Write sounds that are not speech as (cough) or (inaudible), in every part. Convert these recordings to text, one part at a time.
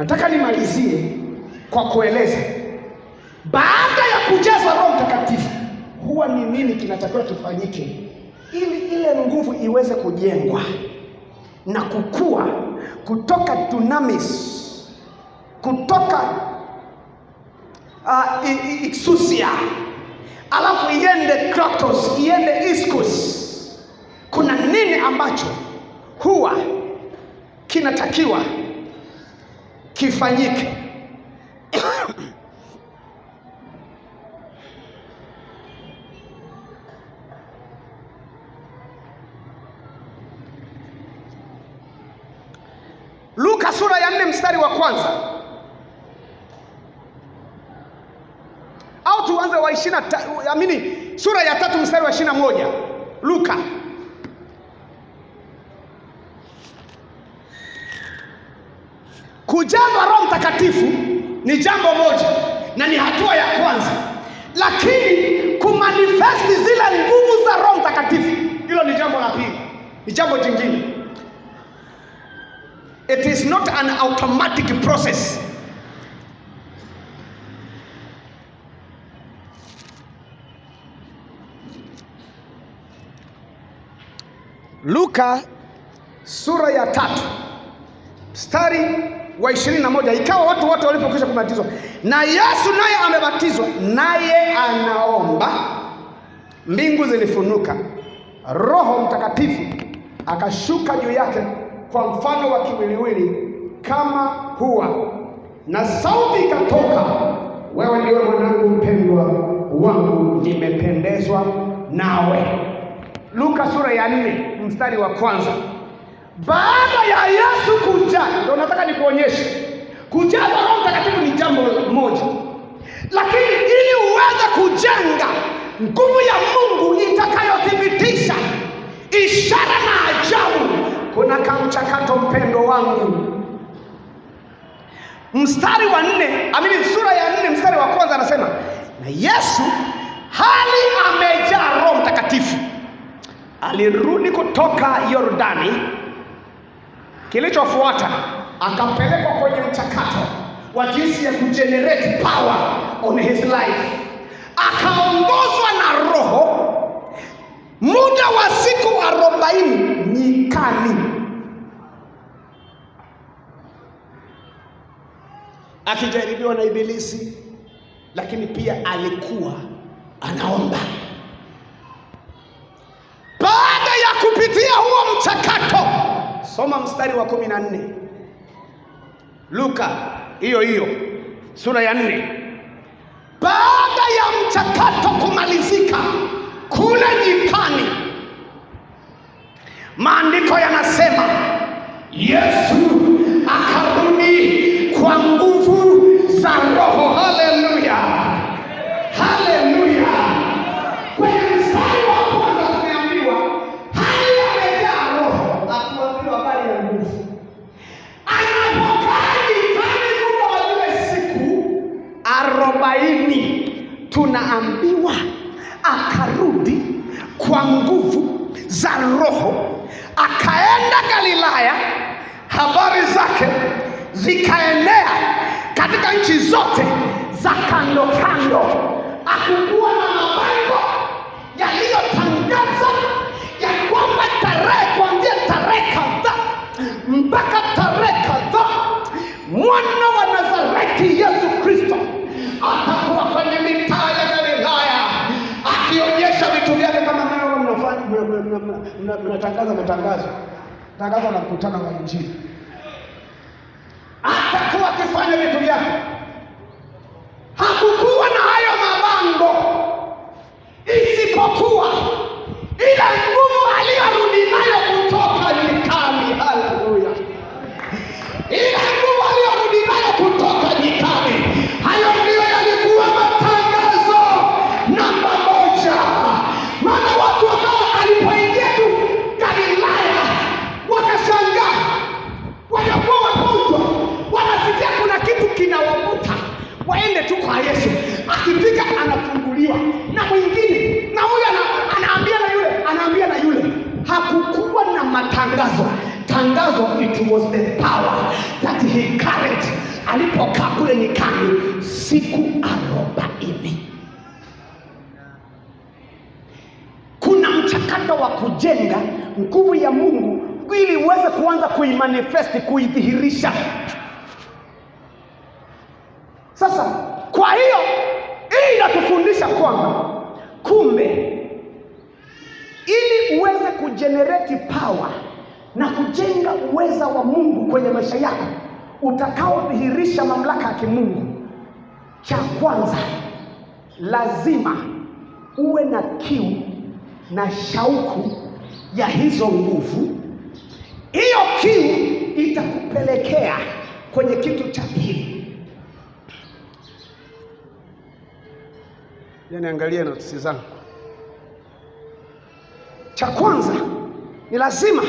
Nataka nimalizie kwa kueleza baada ya kujazwa Roho Mtakatifu huwa ni nini kinatakiwa kifanyike ili ile nguvu iweze kujengwa na kukua kutoka dunamis, kutoka uh, exousia, alafu iende kratos, iende iskus. Kuna nini ambacho huwa kinatakiwa kifanyike. Luka sura ya nne mstari wa kwanza au tuanze wa ishirini amini, sura ya tatu mstari wa ishirini na moja Luka Kujazwa Roho Mtakatifu ni jambo moja na ni hatua ya kwanza, lakini kumanifesti zile nguvu za Roho Mtakatifu, hilo ni jambo la pili, ni jambo jingine. It is not an automatic process. Luka sura ya tatu mstari wa ishirini na moja ikawa watu wote walipokwisha kubatizwa na Yesu naye amebatizwa, naye anaomba, mbingu zilifunuka, Roho Mtakatifu akashuka juu yake kwa mfano wa kiwiliwili kama hua, na sauti ikatoka, wewe ndiwe mwanangu mpendwa wangu, nimependezwa nawe. Luka sura ya nne mstari wa kwanza. Baada ya Yesu kuja, ndio nataka nikuonyeshe kujazwa Roho Mtakatifu ni jambo moja, lakini ili uweze kujenga nguvu ya Mungu itakayothibitisha ishara na ajabu, kuna kamchakato mpendo wangu. Mstari wa nne amini, sura ya nne mstari wa kwanza anasema, na Yesu hali amejaa Roho Mtakatifu alirudi kutoka Yordani Kilichofuata akapelekwa kwenye mchakato wa jinsi ya kujenerate power on his life, akaongozwa na Roho muda wa siku arobaini nyikani, akijaribiwa na Ibilisi, lakini pia alikuwa anaomba. Soma mstari wa kumi na nne Luka hiyo hiyo sura ya nne. Baada ya mchakato kumalizika kule nyikani, maandiko yanasema Yesu akarudi kwa nguvu za Roho tunaambiwa akarudi kwa nguvu za Roho, akaenda Galilaya, habari zake zikaenea katika nchi zote za kando kando. Akukuwa na mabango yaliyotangaza ya kwamba tarehe kuanzia tarehe kadhaa mpaka tarehe kadhaa mwana wa Nazareti Yesu Kristo atakuwa kwenye mnatangaza matangazo tangazo la mkutano wa Injili, atakuwa akifanya vitu vyake. Hakukuwa na hayo mabango isipokuwa ila kukosa. Kwa hiyo hii inatufundisha kwamba kumbe, ili uweze kujenereti power na kujenga uweza wa Mungu kwenye maisha yako utakaodhihirisha mamlaka ya kimungu, cha kwanza lazima uwe na kiu na shauku ya hizo nguvu. Hiyo kiu itakupelekea kwenye kitu cha pili. niangalie yaani notisi zangu. Cha kwanza ni lazima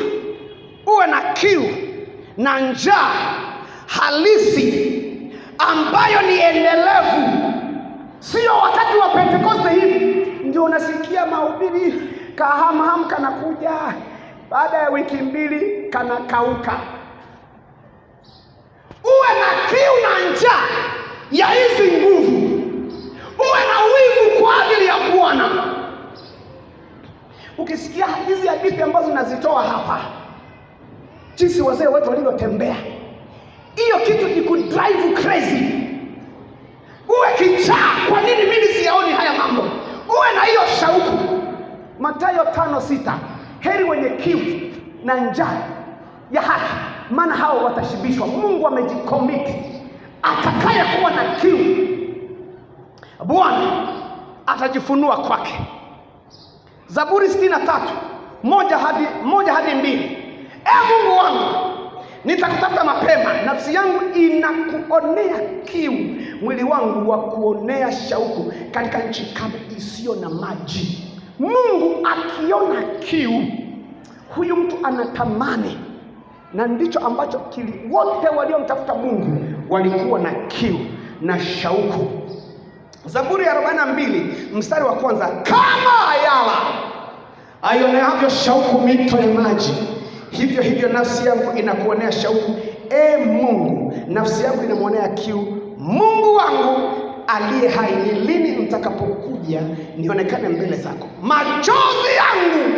uwe na kiu na njaa halisi ambayo ni endelevu, sio wakati wa Pentekoste hivi ndio unasikia mahubiri kahamham kanakuja, baada ya wiki mbili kanakauka. Uwe na kiu na njaa ya hizi nguvu, uwe na Bwana. Ukisikia hizi hadithi ambazo nazitoa hapa, jinsi wazee wetu walivyotembea, hiyo kitu ikudrive crazy. Uwe kichaa, kwa nini mimi siyaoni haya mambo? Uwe na hiyo shauku. Mathayo tano sita, heri wenye kiu na njaa ya haki, maana hao watashibishwa. Mungu amejikomiti, atakaye kuwa na kiu Bwana atajifunua kwake. Zaburi sitini na tatu moja hadi moja hadi mbili. E Mungu wangu, nitakutafuta mapema, nafsi yangu inakuonea kiu, mwili wangu wa kuonea shauku katika nchi kame isiyo na maji. Mungu akiona kiu, huyu mtu anatamani, na ndicho ambacho kili wote waliomtafuta Mungu walikuwa na kiu na shauku Zaburi ya 42 mstari wa kwanza, kama ayala aioneavyo shauku mito ya maji, hivyo hivyo nafsi yangu inakuonea shauku, e Mungu, nafsi yangu inamwonea kiu Mungu wangu aliye hai. Ni lini mtakapokuja nionekane mbele zako? Machozi yangu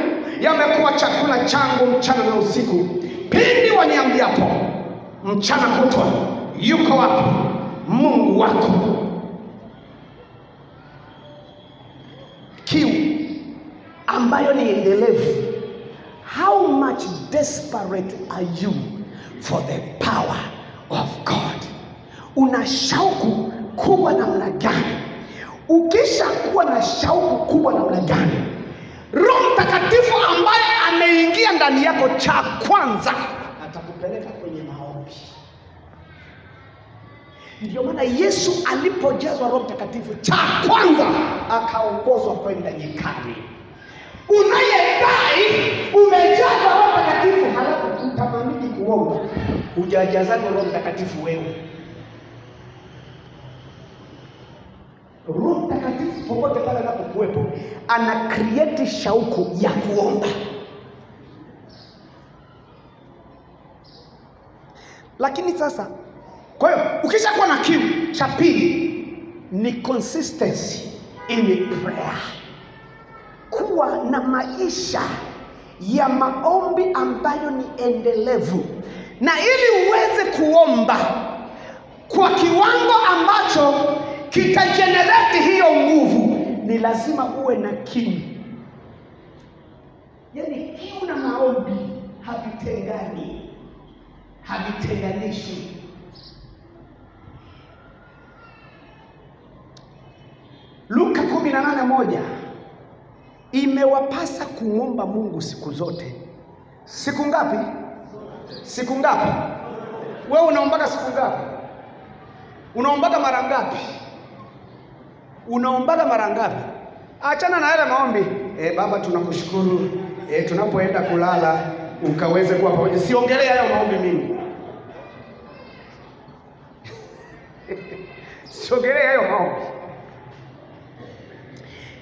yamekuwa chakula changu mchana na usiku, pindi waniambiapo mchana kutwa, yuko wapi Mungu wako? ambayo ni endelevu. How much desperate are you for the power of God? Una shauku kubwa namna gani? Ukisha kuwa na shauku kubwa namna gani, Roho Mtakatifu ambaye ameingia ndani yako, cha kwanza atakupeleka kwenye maombi. Ndio maana Yesu alipojazwa Roho Mtakatifu, cha kwanza akaongozwa kwenda nyikani unayedai umejaza Roho Mtakatifu halafu utamwamini kuomba, hujajazaga Roho Mtakatifu wewe. Roho Mtakatifu popote pale anapokuwepo, ana create shauku ya kuomba. Lakini sasa, kwa hiyo ukishakuwa na kiu, cha pili ni consistency in prayer kuwa na maisha ya maombi ambayo ni endelevu, na ili uweze kuomba kwa kiwango ambacho kitajenereti hiyo nguvu, ni lazima uwe na kiu. Yaani kiu na maombi havitengani, havitenganishi. Luka 18:1 imewapasa kumwomba Mungu siku zote. Siku ngapi? Siku ngapi? Wewe unaombaga siku ngapi? Unaombaga mara ngapi? Unaombaga mara ngapi? Achana na yale maombi. E, Baba tunakushukuru e, tunapoenda kulala ukaweze kuwa pamoja. Siongelee hayo maombi mimi, (laughs) siongelee hayo maombi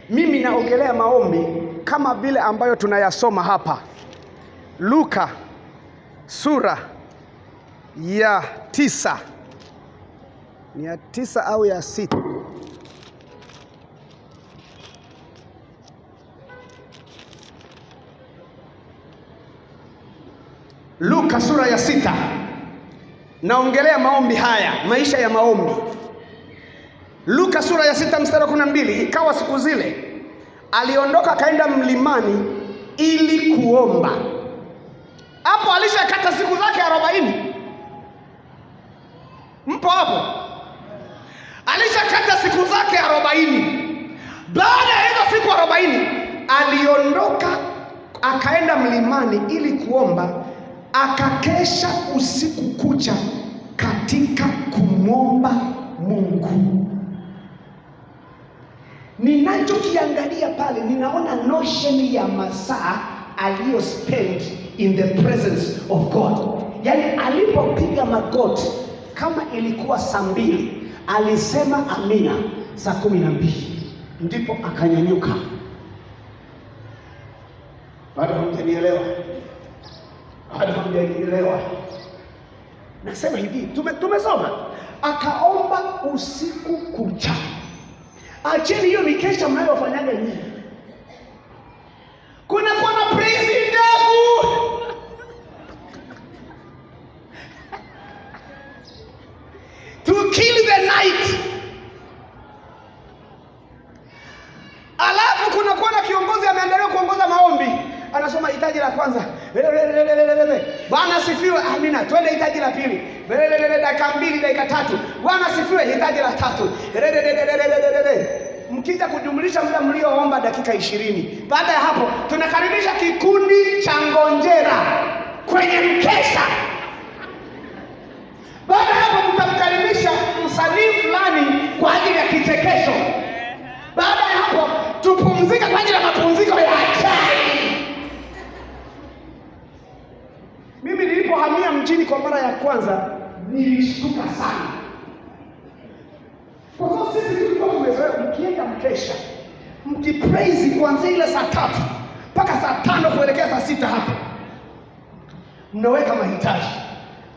mimi naongelea maombi kama vile ambayo tunayasoma hapa Luka sura ya tisa, ni ya tisa au ya sita? Luka sura ya sita, naongelea maombi haya, maisha ya maombi. Luka sura ya sita mstari wa kumi na mbili ikawa siku zile aliondoka akaenda mlimani ili kuomba. Hapo alishakata siku zake arobaini. Mpo hapo? Alishakata siku zake arobaini. Baada ya hizo siku arobaini aliondoka akaenda mlimani ili kuomba, akakesha usiku kucha katika kumwomba Mungu. Ninachokiangalia pale ninaona notion ya masaa aliyo spend in the presence of God, yani alipopiga magoti kama ilikuwa saa mbili alisema amina saa kumi na mbili ndipo akanyanyuka. Bado hamjanielewa? Bado hamjanielewa? Nasema hivi, tumesoma tume akaomba usiku kucha. Acheni hiyo mikesha mnayofanyaga nyinyi ishirini. Baada ya hapo, tunakaribisha kikundi cha ngonjera kwenye mkesha. Baada ya hapo, tutamkaribisha msanii fulani kwa ajili ya kichekesho. Baada ya hapo, tupumzika kwa ajili ya mapumziko ya chai. Mimi nilipohamia mjini kwa mara ya kwanza nilishtuka sana, kwa sababu sisi tulikuwa tumezoea mkienda mkesha mkipraise kuanzia ile saa tatu mpaka saa tano kuelekea saa sita hapo mnaweka mahitaji.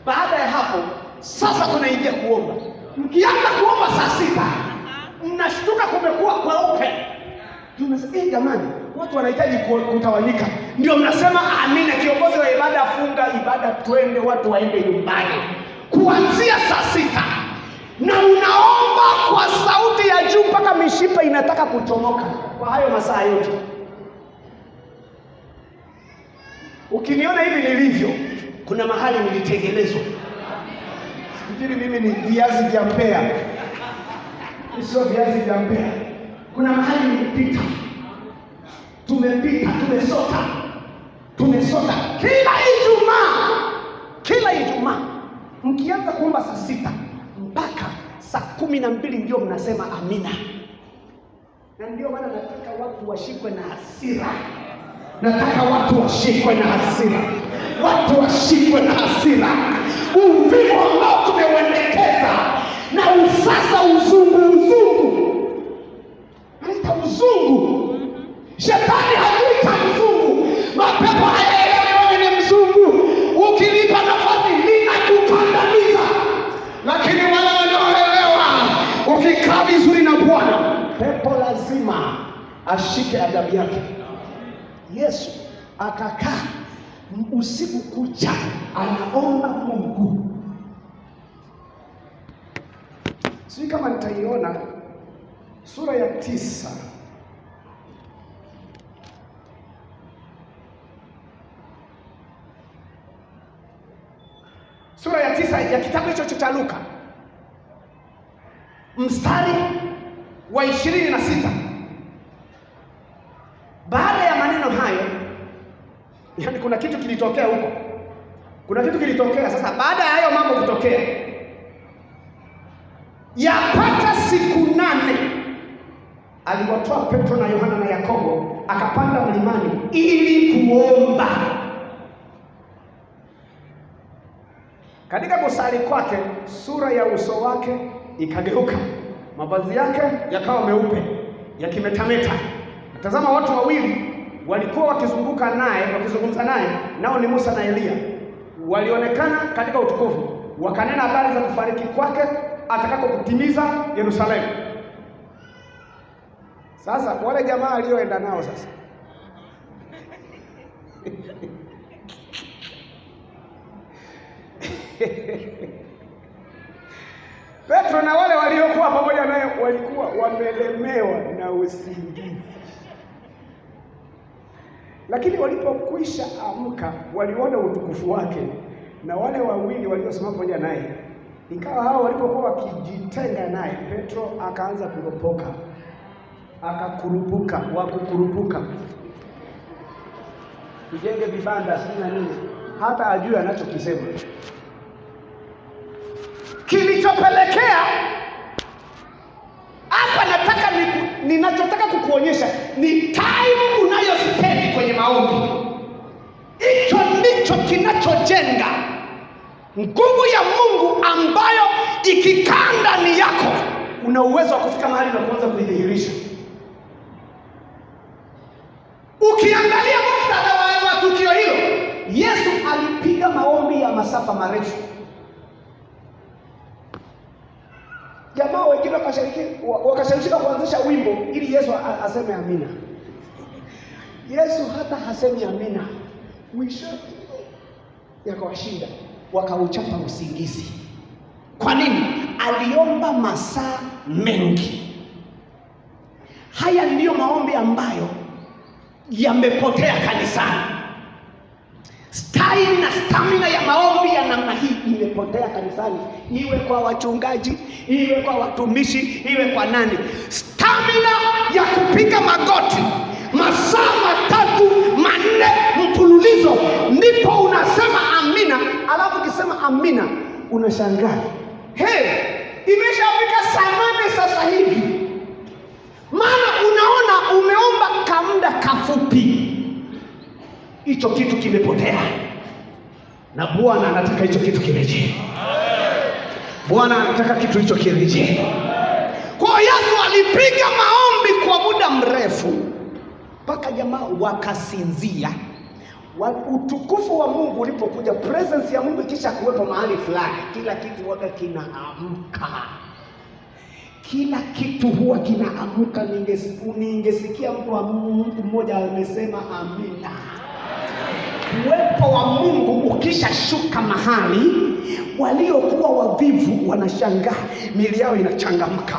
Baada ya hapo sasa tunaingia kuomba. Mkianza kuomba saa sita mnashtuka kumekuwa kweupe, Hey, eh, jamani, watu wanahitaji kutawanyika. Ndio mnasema amina, kiongozi wa ibada funga ibada, twende watu waende nyumbani kuanzia saa sita na unaomba kwa sauti ya juu mpaka mishipa inataka kuchomoka kwa hayo masaa yote. Ukiniona hivi nilivyo, kuna mahali nilitengenezwa. Sifikiri mimi ni viazi vya Mbeya, sio viazi vya Mbeya. Kuna mahali nilipita, tumepita, tumesota, tumesota kila Ijumaa, kila Ijumaa mkianza kuomba saa sita saa kumi na mbili ndio mnasema amina, na ndio maana nataka watu washikwe na hasira. Nataka watu washikwe na hasira, watu washikwe na hasira. Uvivu ambao tumeuendekeza na usasa, uzungu, uzungu, naita uzungu, mm-hmm. shetani abadilishe adabu yake. Yesu akakaa usiku kucha anaomba Mungu. Sijui kama nitaiona sura ya tisa sura ya tisa ya kitabu hicho cha Luka mstari wa ishirini na sita. Baada ya maneno hayo, yani kuna kitu kilitokea huko, kuna kitu kilitokea. Sasa baada ya hayo mambo kutokea, yapata siku nane aliwatoa Petro na Yohana na Yakobo, akapanda mlimani ili kuomba. Katika kusali kwake, sura ya uso wake ikageuka, mavazi yake yakawa meupe yakimetameta Tazama, watu wawili walikuwa wakizunguka naye wakizungumza naye, nao ni Musa na Eliya. Walionekana katika utukufu, wakanena habari za kufariki kwake atakakokutimiza Yerusalemu. Sasa wale jamaa aliyoenda nao sasa (laughs) Petro na wale waliokuwa pamoja naye walikuwa wamelemewa na usingizi. Lakini walipokwisha amka, waliona utukufu wake na wale wawili waliosimama pamoja naye. Ikawa hao walipokuwa wakijitenga naye, Petro akaanza kuropoka, akakurupuka, wakukurupuka, tujenge vibanda sijui na nini, hata ajui anachokisema kilichopelekea hapa nataka ninachotaka nataka kukuonyesha ni time unayospend kwenye maombi. Hicho ndicho kinachojenga nguvu ya Mungu ambayo ikikaa ndani yako una uwezo wa kufika mahali na kuanza kuidhihirisha. Ukiangalia muktadha wa tukio hilo, Yesu alipiga maombi ya masafa marefu jamaa wengine wakashawishika kuanzisha wimbo ili Yesu aseme amina. Yesu hata hasemi amina, mwisho yakawashinda, wakauchapa usingizi. Kwa nini? Aliomba masaa mengi. Haya ndiyo maombi ambayo yamepotea kanisani, stai na stamina ya maombi imepotea kanisani, iwe kwa wachungaji, iwe kwa watumishi, iwe kwa nani. Stamina ya kupiga magoti masaa matatu manne mfululizo, ndipo unasema amina. Alafu ukisema amina unashangaa, he, imeshafika saa nane sasa hivi, maana unaona umeomba kamda kafupi, hicho kitu kimepotea na Bwana anataka hicho kitu kirejee. Bwana anataka kitu hicho kirejee. Kwa hiyo Yesu alipiga maombi kwa muda mrefu mpaka jamaa wakasinzia. Utukufu wa Mungu ulipokuja, presence ya Mungu ikisha kuwepo mahali fulani, kila kitu waga kinaamka kila kitu huwa kinaamka. Ningesikia mtu mmoja amesema amina uwepo wa Mungu ukishashuka mahali, waliokuwa wavivu wanashangaa, mili yao inachangamka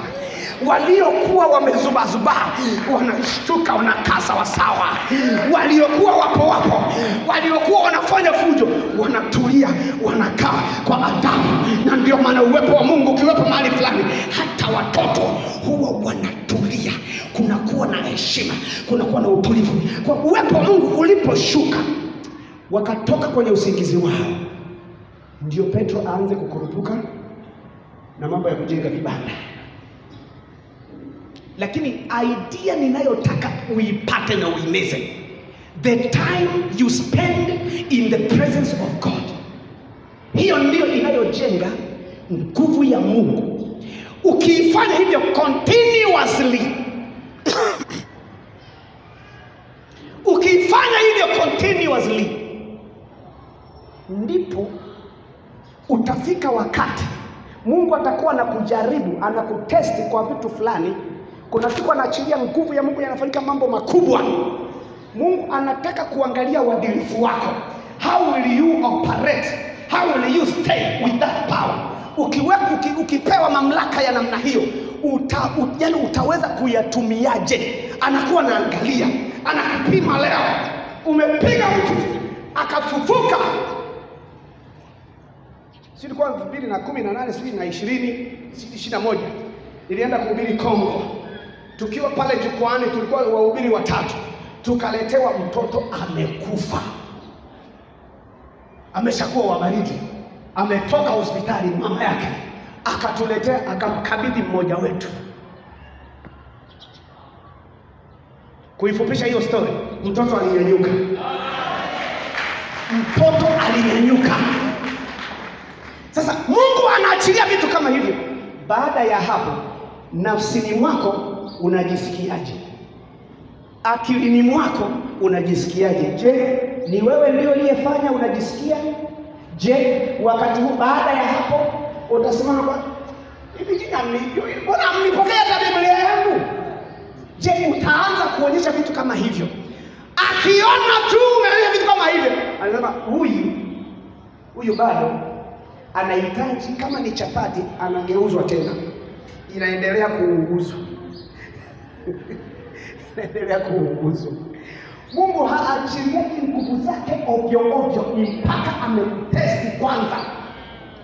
waliokuwa wamezubazuba wanashtuka, wanakaa sawasawa. Waliokuwa wapo wapo, waliokuwa wanafanya fujo wanatulia, wanakaa kwa adabu. Na ndio maana uwepo wa Mungu ukiwepo mahali fulani, hata watoto huwa wanatulia, kunakuwa na heshima, kunakuwa na utulivu kwa uwepo wa Mungu uliposhuka wakatoka kwenye usingizi wao, ndio Petro aanze kukurupuka na mambo ya kujenga vibanda. Lakini idea ninayotaka uipate na uimeze, the time you spend in the presence of God, hiyo ndiyo inayojenga nguvu ya Mungu. Ukiifanya hivyo continuously (coughs) ukiifanya hivyo continuously kitu utafika wakati Mungu atakuwa anakujaribu, anakutesti kwa vitu fulani. Kuna siku anaachilia nguvu ya Mungu, yanafanyika mambo makubwa. Mungu anataka kuangalia uadilifu wako. How will you operate? How will you stay with that power? Ukiwe, uki, ukipewa mamlaka ya namna hiyo uta, u, yani utaweza kuyatumiaje? Anakuwa anaangalia, anakupima. Leo umepiga mtu akafufuka si ilikuwa elfu mbili na kumi na nane sijui na ishirini sijui ishirini na moja nilienda kuhubiri Kongo. Tukiwa pale jukwaani, tulikuwa wahubiri watatu, tukaletewa mtoto amekufa, ameshakuwa wa baridi, ametoka hospitali mama yake akatuletea, akamkabidhi mmoja wetu. Kuifupisha hiyo story, mtoto alinyanyuka, mtoto alinyanyuka Baada ya hapo, nafsini mwako unajisikiaje? Akilini mwako unajisikiaje? Je, ni wewe ndio uliyefanya unajisikia? Je, wakati huu baada ya hapo utasimama kwa hivi, jina mnijui, mbona mnipokea Biblia yangu? Je, utaanza kuonyesha vitu kama hivyo? Akiona tu umeonyesha vitu kama hivyo, anasema huyu huyu bado anahitaji kama ni chapati anageuzwa tena, inaendelea kuunguzwa (laughs) inaendelea kuunguzwa. Mungu haachimuki nguvu zake ovyo ovyo mpaka amemtesti kwanza,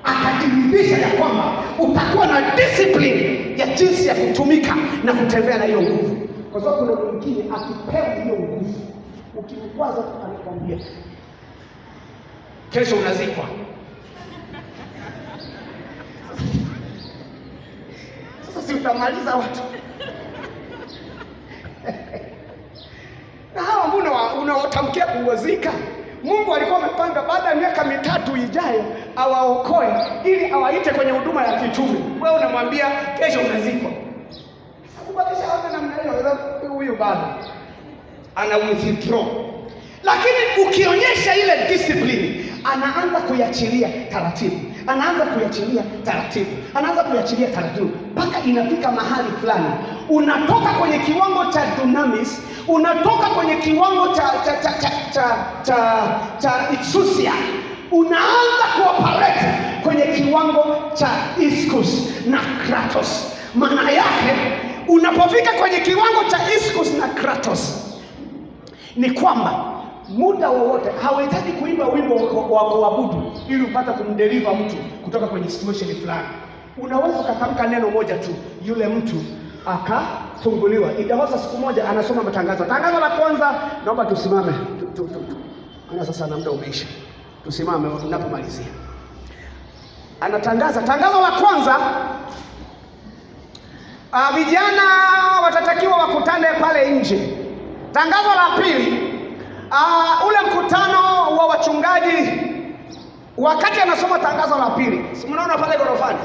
akajiridhisha ya kwamba utakuwa na discipline ya jinsi ya kutumika na kutembea na hiyo nguvu, kwa sababu kuna mwingine akipewa hiyo nguvu, ukimkwaza anakwambia kesho unazikwa. sisi utamaliza watu na hawa mbona unawatamkia kuozika? Mungu alikuwa amepanga baada ya miaka mitatu ijayo awaokoe ili awaite kwenye huduma ya kichumi. Wewe unamwambia kesho unazikwa. Kubakisha hata huyu bado ana withdraw. Lakini ukionyesha ile discipline, anaanza kuiachilia taratibu anaanza kuyachilia taratibu, anaanza kuyachilia taratibu mpaka inafika mahali fulani, unatoka kwenye kiwango cha dunamis, unatoka kwenye kiwango cha cha cha cha cha, cha, cha exousia, unaanza kuoperate kwenye kiwango cha iskus na kratos. Maana yake unapofika kwenye kiwango cha iskus na kratos ni kwamba muda wowote. Hauhitaji kuimba wimbo wa kuabudu ili upate kumdeliver mtu kutoka kwenye situation fulani. Unaweza ukatamka neno moja tu, yule mtu akafunguliwa. Idahosa siku moja anasoma matangazo. Tangazo la kwanza, naomba tusimame tu, tu, tu. Ana sasa na muda umeisha, tusimame tunapomalizia. Anatangaza tangazo la kwanza, ah, vijana watatakiwa wakutane pale nje. Tangazo la pili uh, ule mkutano wa wachungaji wakati anasoma tangazo la pili, mnaona pale ghorofani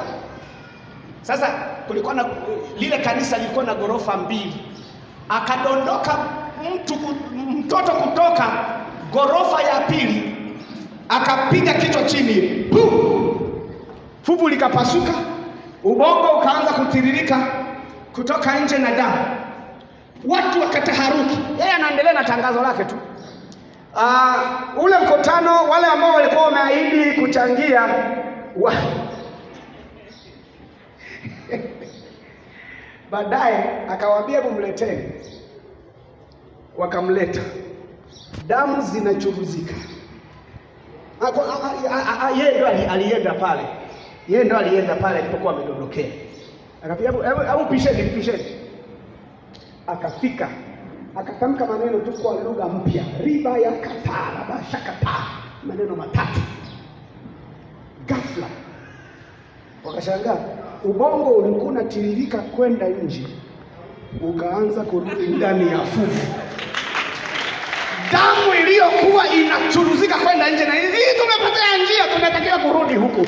Sasa kulikuwa na lile kanisa lilikuwa na gorofa mbili, akadondoka mtu mtoto kutoka gorofa ya pili akapiga kichwa chini, fuvu likapasuka, ubongo ukaanza kutiririka kutoka nje na damu, watu wakataharuki. Yeye anaendelea na tangazo lake tu. Uh, ule mkutano wale ambao walikuwa wameahidi kuchangia wa... (laughs) baadaye akawaambia kumleteni, wakamleta, damu zinachuruzika. Ah, ah, yeye ndo alienda pale, yeye ndo alienda pale alipokuwa amedondokea, akapiga hebu pisheni, pisheni, akafika akatamka maneno tu kwa lugha mpya, riba ya katara kataa maneno matatu. Ghafla wakashangaa, ubongo ulikuwa unatiririka kwenda nje, ukaanza kurudi ndani ya fufu. Damu iliyokuwa inachuruzika kwenda nje, na hii tumepotea njia, tunatakiwa kurudi huku,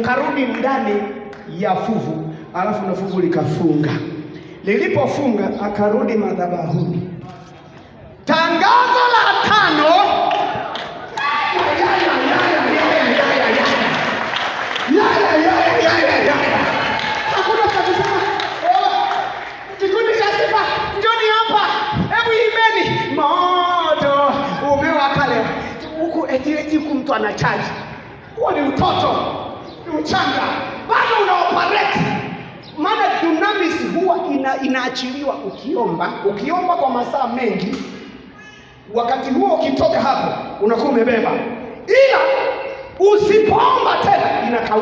ukarudi ndani ya fuvu, alafu na fuvu likafunga. Lilipofunga akarudi madhabahuni Tangazo la tano njoni hapa, mtu ana Huo ni utoto, ni uchanga, bado una operate maana huwa ina, inaachiliwa ukiomba ukiomba kwa masaa mengi Wakati huo ukitoka hapo unakuwa umebeba, ila usipoomba tena ina